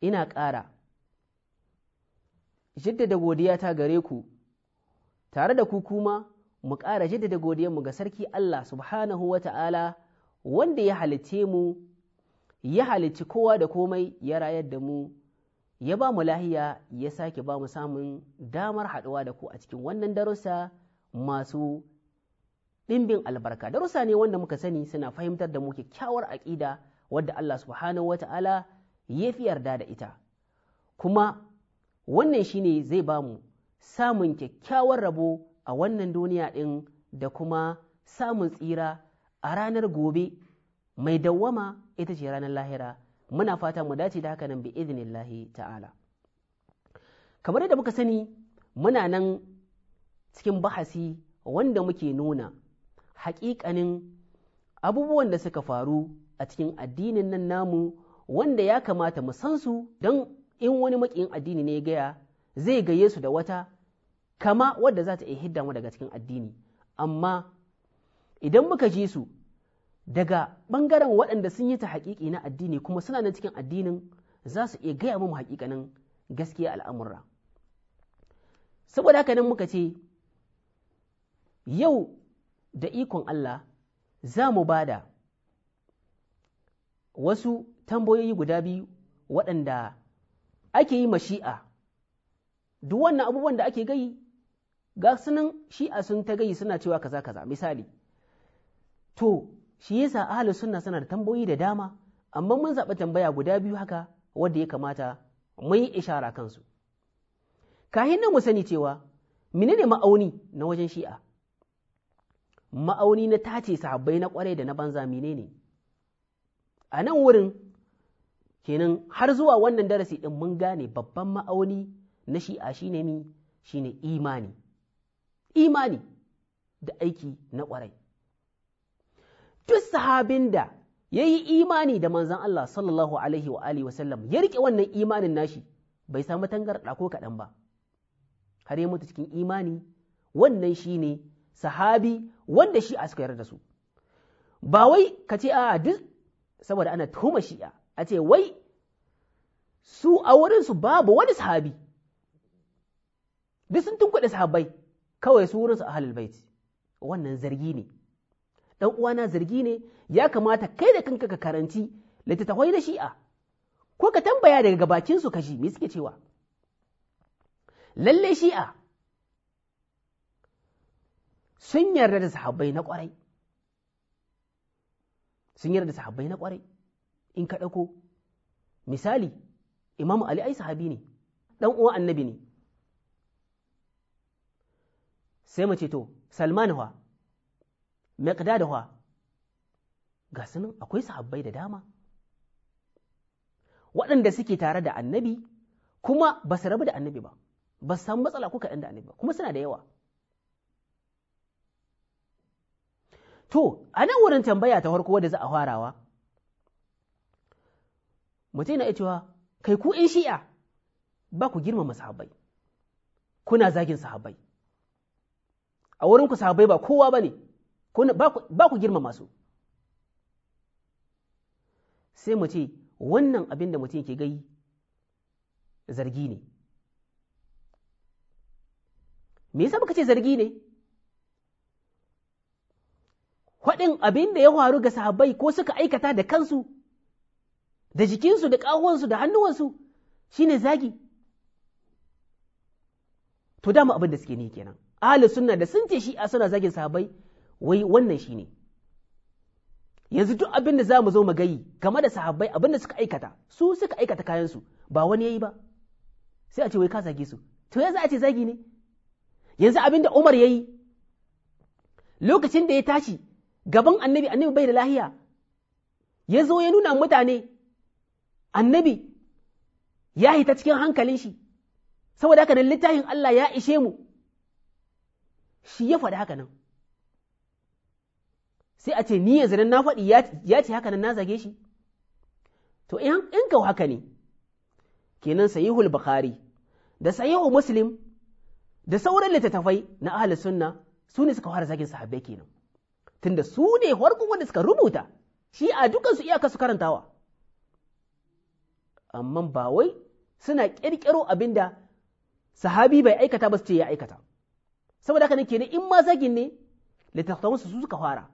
ina ƙara jaddada godiya ta gare ku tare da ku kuma mu ƙara jaddada mu ga sarki Allah subhanahu wa ta'ala wanda ya halicce mu ya halicci kowa da komai ya rayar da mu ya ba mu lahiya ya sake ba mu samun damar haɗuwa da ku a cikin wannan darussa masu ɗimbin albarka darussa ne wanda muka sani suna fahimtar da mu kyakkyawar aƙida wadda Allah subhanahu wa ta'ala ya fi yarda da ita kuma wannan shine zai ba mu samun kyakkyawar rabo a wannan duniya ɗin da kuma samun tsira a ranar gobe mai dawwama ita ce ranar lahira muna fata mu dace da hakanan nan bi idnillahi ta'ala kamar yadda muka sani muna nan cikin bahasi wanda muke nuna haƙiƙanin abubuwan da suka faru a cikin addinin nan namu wanda ya kamata mu san su don in wani makiyin addini ne ya gaya zai gaye su da wata kama wadda za ta iya hidda mu daga cikin addini amma idan muka ji su daga ɓangaren waɗanda sun yi ta haƙiƙi na addini kuma suna nan cikin addinin za su iya gaya mu haƙiƙanin gaskiya al'amura. saboda haka nan muka ce yau da ikon Allah za mu bada wasu tambayoyi guda biyu waɗanda ake yi ma Shi'a, duk wannan abubuwan da ake gayi ga sunan shi'a sun ta gayi suna cewa kaza kaza misali to shi yasa ahli sunna suna da tambayoyi da dama amma mun zaɓi tambaya guda biyu haka wanda ya kamata mun yi ishara kansu kahin nan mu sani cewa menene ma'auni na wajen shi'a ma'auni na tace sahabbai na kwarai da na banza menene a nan wurin kenan har zuwa wannan darasi ɗin mun gane babban ma'auni na shi'a ne mi ne imani imani da aiki na ƙwarai duk sahabin da ya yi imani da manzan Allah sallallahu alaihi wa alihi wasallam ya rike wannan imanin nashi bai samu tangarɗa ko kaɗan ba har ya mutu cikin imani wannan shi ne sahabi wanda shi'a suka yarda da su ba wai ka ce a duk saboda ana tuhuma shi'a a ce wai su a wurinsu babu wani sahabi duk sun tunkuɗe sahabbai kawai su a ahalul bai. wannan zargi ne Ɗan uwana zargi ne ya kamata kai da kanka ka karanci littattafai na shi'a ko ka tambaya daga gabakin su kashi me suke cewa lalle shi'a sun yarda da sahabbai na kwarai sun yarda da sahabbai na kwarai in ka ɗauko misali imamu ali ai sahabi ne ɗan uwa annabi ne sai mu ce to salman hwa da hwa ga sunan akwai sahabbai da dama waɗanda suke tare da annabi kuma ba su rabu da annabi ba ba su samu matsala ko kaɗan da annabi ba kuma suna da yawa to a nan wurin tambaya ta farko wadda za a farawa mutum na cewa kai ku in shi'a ba ku girmama sahabbai kuna zagin sahabbai a wurin ku sahabbai ba kowa ba ne ba ku girmama su sai mu ce wannan abin da mutum ke gai zargi ne me yasa muka ce zargi ne faɗin abin da ya faru ga sahabbai ko suka aikata da kansu da jikinsu da ƙahuwansu da hannuwansu shine zagi to dama abin da suke ne kenan ahalin suna da sun ce a suna zagin sahabai. wai wannan shi ne. yanzu duk abin da za mu zo mu gayi game da sahabbai abin da suka aikata su suka aikata kayansu ba wani ya yi ba sai a ce wai ka zage su to yanzu a ce zagi ne yanzu abin da Umar yi. lokacin da ya tashi gaban annabi annabi bai da lahiya ya zo ya nuna mutane annabi ya hita cikin hankalin shi saboda haka nan littafin Allah ya ishe mu shi ya faɗi haka nan sai a ce ni yanzu nan na faɗi ya ce haka nan na zage shi to in ka haka ne kenan sayihul bukhari da sayihu muslim da sauran littattafai na ahli sunna su ne suka fara zagin sahabbai kenan tunda su ne farkon wanda suka rubuta shi a dukansu iyaka su karantawa amma ba wai suna ƙirƙiro abinda sahabi bai aikata ba su ce ya aikata saboda haka nake ne in ma zagin ne littattafan su suka fara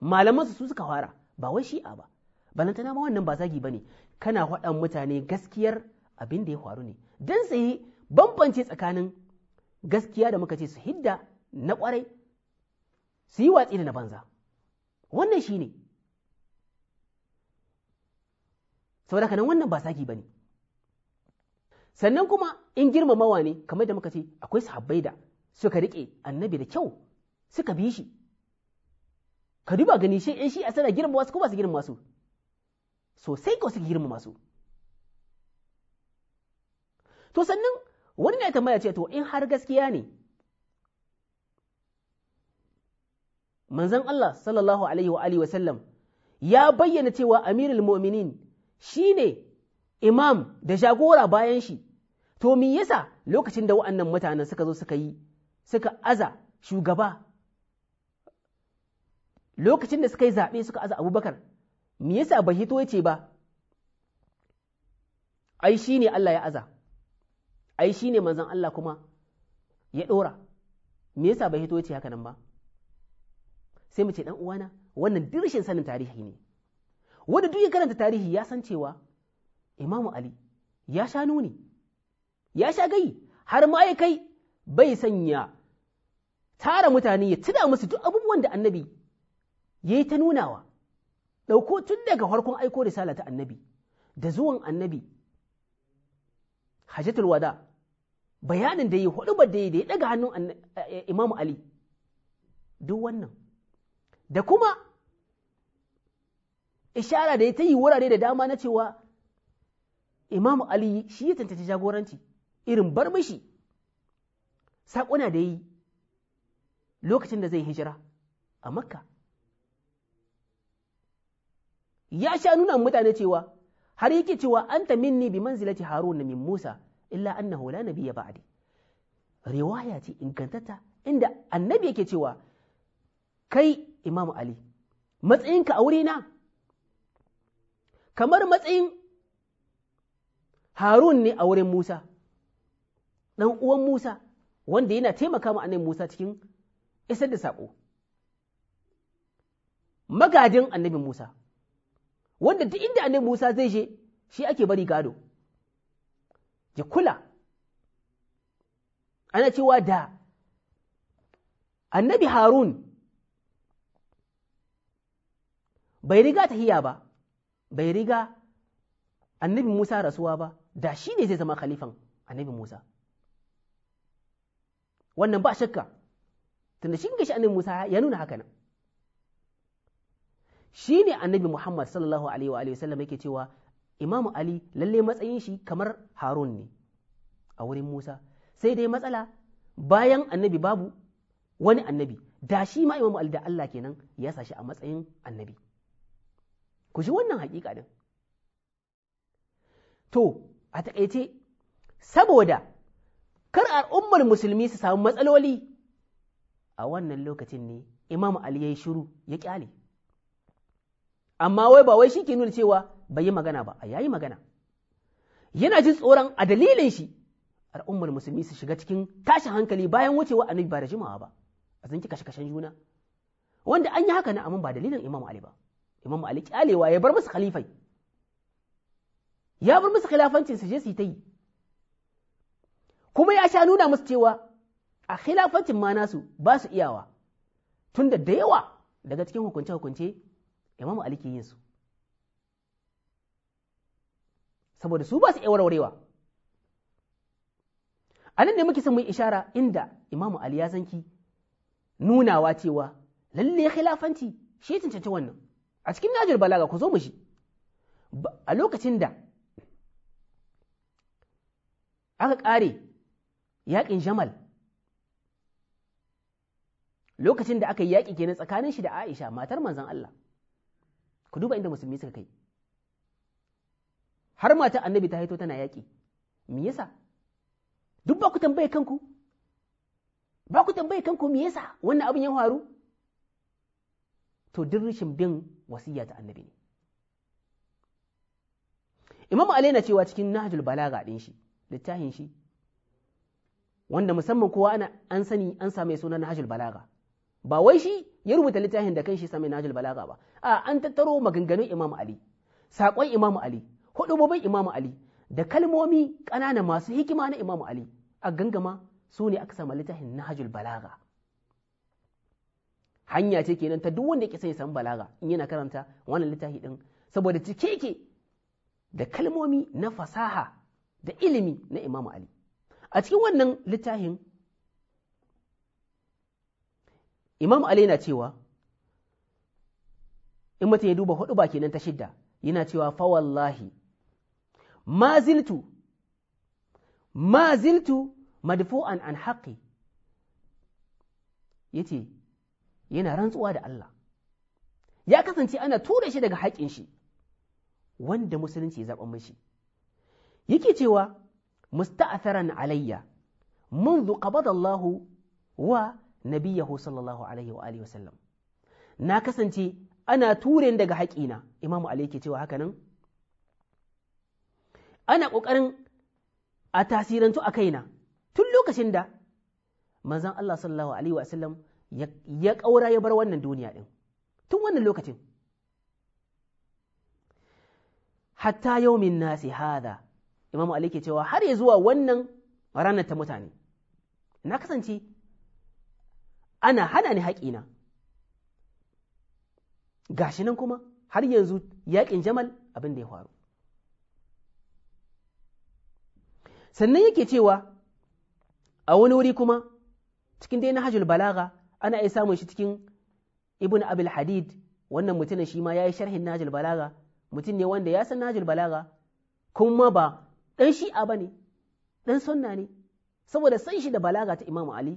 malaman su suka fara ba wai shi'a ba balantana ma wannan ba zagi bane kana faɗan mutane gaskiyar abinda ya faru ne dan sai bambance tsakanin gaskiya da muka ce su hidda na kwarai su yi watsi da na banza wannan shine saboda haka nan wannan ba saki bane sannan kuma in girmamawa ne kamar da muka ce akwai sahabbai da suka rike annabi da kyau suka bi shi ka duba gani shi in shi a sana girmama su ko ba su girmama su sosai ko suka girmama su to sannan wani na tambaya ce to in har gaskiya ne manzon Allah sallallahu alaihi wa alihi wa sallam ya bayyana cewa amirul mu'minin shi ne imam da jagora bayan shi to me yasa lokacin da wa'annan mutanen suka zo suka yi suka aza shugaba lokacin da suka yi zaɓe suka aza abubakar me yasa bai hito ya ce ba ai shi ne Allah ya aza ai shi ne manzan Allah kuma ya ɗora me yasa bai hito ya ce haka nan ba sai mu ce ɗan uwana wannan dirshin sanin tarihi ne wanda duk ya karanta tarihi ya san cewa imamu ali ya sha nuni ya sha gai har ma'aikai ya kai bai sanya tara mutane ya tuna musu duk abubuwan da annabi ya yi ta nunawa ɗauko tun daga farkon aiko risala ta annabi da zuwan annabi hajjatul wada bayanin da ya hudu da ya daga hannun eh, imamu ali duk wannan da kuma ishara da ya ta yi wurare da dama na cewa imam ali shi ya tantance jagoranci irin bar mishi da ya yi lokacin da zai hijira a makka ya sha nuna mutane cewa har yake cewa an anta minni bi manzilati harun min musa illa hula na biya ba'di riwaya ce ingantatta inda annabi yake cewa kai imam ali matsayinka a wurina kamar matsayin Harun ne a wurin Musa, ɗan uwan Musa, wanda yana taimaka ma annabi Musa cikin isar da saƙo. Magajin annabi Musa, wanda duk inda annabi Musa zai je, shi ake bari gado, ya kula, ana cewa da annabi Harun bai riga ta tahiya ba. bai riga annabi Musa rasuwa ba da shi ne zai zama khalifan annabi Musa wannan ba shakka tunda shi shi annabi Musa ya nuna haka nan shi ne annabi Muhammad sallallahu alaihi wa alihi wasallam yake cewa imam Ali lalle matsayin shi kamar Harun ne a wurin Musa sai dai matsala bayan annabi babu wani annabi da shi ma Imamu Ali da Allah kenan ya sa a matsayin annabi ku ji wannan haƙiƙa din to a taƙaice saboda kar al'ummar musulmi su samu matsaloli a wannan lokacin ne imam ali ya yi shiru ya ƙyale amma wai ba wai shi ke nuna cewa bai yi magana ba a yayi magana yana jin tsoron a dalilin shi al'ummar musulmi su shiga cikin tashin hankali bayan wucewa annabi ba da jimawa ba a zanki kashe-kashen juna wanda an yi haka na amma ba dalilin imam ali ba imam ali kyalewa ya bar musu khalifai ya bar musu khilafancin su je su ta yi kuma ya sha nuna musu cewa a khilafancin ma nasu ba su iyawa tun da yawa daga cikin hukunce-hukunce imam ali ke yin su saboda su ba su iya warwarewa a nan ne muke son mu ishara inda imamu ali ya zanki nunawa cewa lalle khilafanci shi cancanci wannan a cikin najir balaga ku zo mu shi a lokacin da aka ƙare yaƙin jamal lokacin da aka yi yaƙi kenan tsakanin shi da aisha matar manzan Allah ku duba inda musulmi suka kai har mata annabi ta haito tana yaƙi me yasa duk ba ku tambaye kanku ba ku tambaye kanku me yasa wannan abin ya faru to duk bin wasiya ta annabi ne imam ali na cewa cikin nahjul balaga din shi littafin shi wanda musamman kowa ana an sani an same suna nahjul balaga ba wai shi ya rubuta littafin da kanshi same nahjul balaga ba a an tattaro maganganun imam ali sakon imam ali hudubobin imam ali da kalmomi ƙanana masu hikima na imam ali a gangama su ne aka sama littafin nahjul balaga hanya ce kenan ta duk wanda yake ya san balaga in yana karanta wannan littafi din saboda cike yake da kalmomi na fasaha da ilimi na Imam Ali a cikin wannan littafin Imam Ali yana cewa in mutum ya duba hudu ba kenan ta shidda yana cewa fa wallahi ma ziltu ma ziltu madfu'an an haqqi yace yana rantsuwa da Allah ya kasance ana tura shi daga haƙin shi wanda musulunci ya zaɓa mashi yake cewa musta'atharan alayya منذ قبض wa Nabiyahu sallallahu Alaihi wa وآله na kasance ana ture daga haƙina imamu Ali ke cewa haka nan ana ƙoƙarin a tasirantu a kaina tun lokacin da manzan Allah sallallahu alaihi sallam. ya ƙaura ya bar wannan duniya ɗin tun wannan lokacin hatta yau min nasi hada imam Ali ke cewa har ya zuwa wannan ranar ta mutane na kasance ana hana ni haƙina gashi nan kuma har yanzu yaƙin jamal abin da ya faru sannan yake cewa a wani wuri kuma cikin dai na hajjul balaga ana iya samun shi cikin ibn abil hadid wannan mutumin shi ma ya yi sharhin najil balaga mutum ne wanda ya san najil balaga kuma ba ɗan shi'a ba ne ɗan sunna ne saboda san shi da balaga ta Imam ali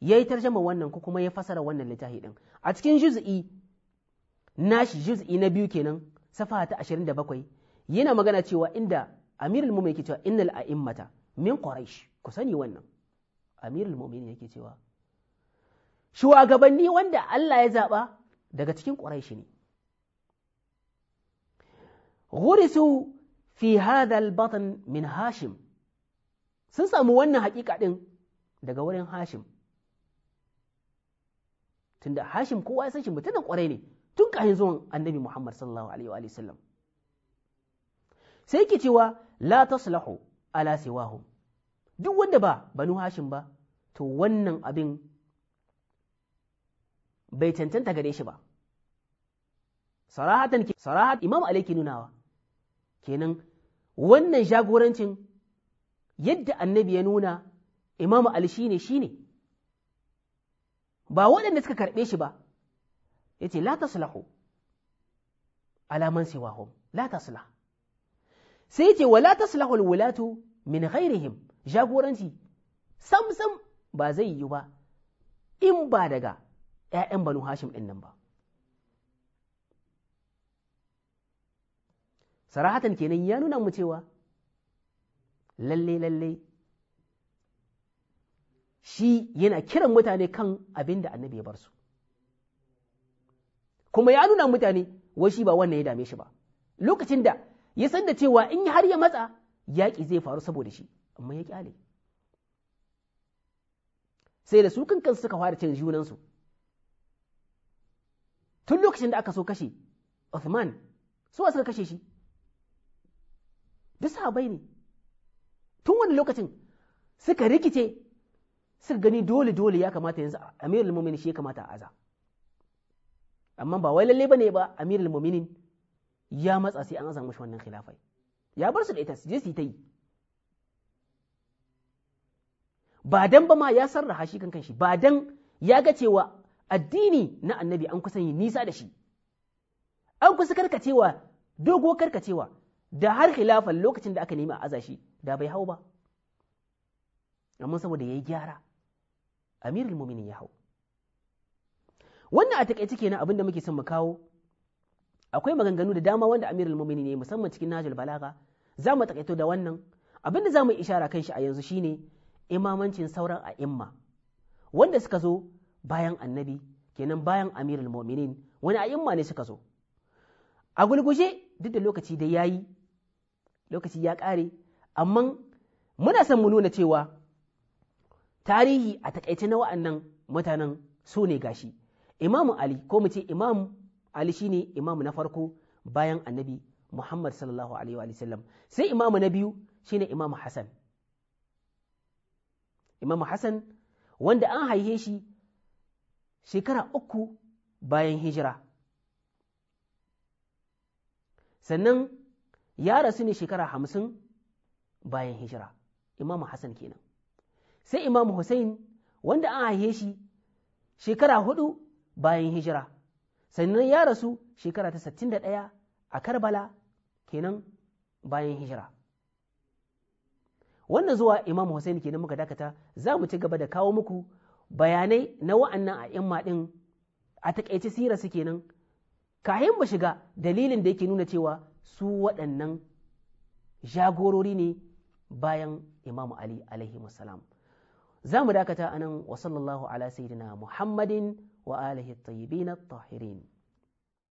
ya yi tarjama wannan ko kuma ya fasara wannan littafi ɗin a cikin juz'i nashi juz'i na biyu kenan safaha ta bakwai. yana magana cewa inda amirul mu'minin yake cewa innal a'immata min quraish ku sani wannan amirul mu'minin yake cewa shugabanni wanda Allah ya zaɓa daga cikin ƙuraishi ne ghurisu fi hadhal batn min hashim sun samu wannan haƙiƙa ɗin daga wurin hashim tunda hashim kowa ya san shi mutumin ƙwarai ne tun kahin zuwan annabi muhammad sallallahu alaihi wa sallam sai ki cewa la taslahu ala siwahum duk wanda ba banu hashim ba to wannan abin bai cancanta gare shi ba sarahatan sarahat imam ali ke nunawa kenan wannan jagorancin yadda annabi ya nuna imam ali shine shine ba waɗanda suka karɓe shi ba ya ce la taslahu alaman siwahum la taslah sai ce wa la taslahu wulatu, min ghairihim jagoranci sam sam ba zai yi ba in ba daga ‘ya'yan banu hashim ɗin nan ba sarahatan kenan ya nuna mu cewa lalle lalle shi yana kiran mutane kan abin da annabi ya bar su kuma ya nuna mutane wai shi ba wannan ya dame shi ba lokacin da ya san da cewa in har ya matsa yaƙi zai faru saboda shi amma ya ƙyale sai da su kankan suka fara cin junansu tun lokacin da aka so kashe Uthman su suka kashe shi duk bai ne tun wani lokacin suka rikice suka gani dole dole ya kamata yanzu amirul mu'minin shi ya kamata a aza amma ba wai lalle bane ba amirul mu'minin ya matsa sai an aza mashi wannan khilafai ya bar su da ita su je su ta yi ba dan ba ma ya sarraha shi kan shi ba dan ya ga cewa addini na annabi an kusan yi nisa da shi an kusa karkacewa dogo karkacewa da har khilafan lokacin da aka nemi a aza shi da bai hau ba amma saboda yi gyara amirul mu'minin ya hau wannan a takaice kenan abin da muke son mu kawo akwai maganganu da dama wanda amirul mu'minin ne musamman cikin najul balaga za mu takaito da wannan abin da za mu ishara kan shi a yanzu shine imamancin sauran a'imma wanda suka zo bayan annabi kenan bayan amirul mu'minin wani a'imma ne suka zo a gulguje duk da lokaci da ya yi lokaci ya ƙare amma muna son mu nuna cewa tarihi a takaice na wa'annan mutanen su ne gashi imamu ali ko mu ce imam ali shine imamu na farko bayan annabi muhammad sallallahu alaihi wa sallam sai imamu na biyu shine imamu hasan imamu Hassan wanda an haihe shi shekara uku bayan hijira sannan ya rasu ne shekara hamsin bayan hijira Imam hassan kenan sai imamu hussein wanda an haife shi shekara hudu bayan hijira sannan ya rasu shekara ta da 61 a karbala kenan bayan hijira wannan zuwa Imam hussein kenan muka dakata za mu ci gaba da kawo muku bayanai na wa'annan a ‘yan maɗin a taƙaice sira su kenan kayan ba shiga dalilin da yake nuna cewa su waɗannan jagorori ne bayan Imam ali alaihi wasalam za mu dakata anan wa sallallahu ala sayyidina muhammadin wa alihi tayyibin tahirin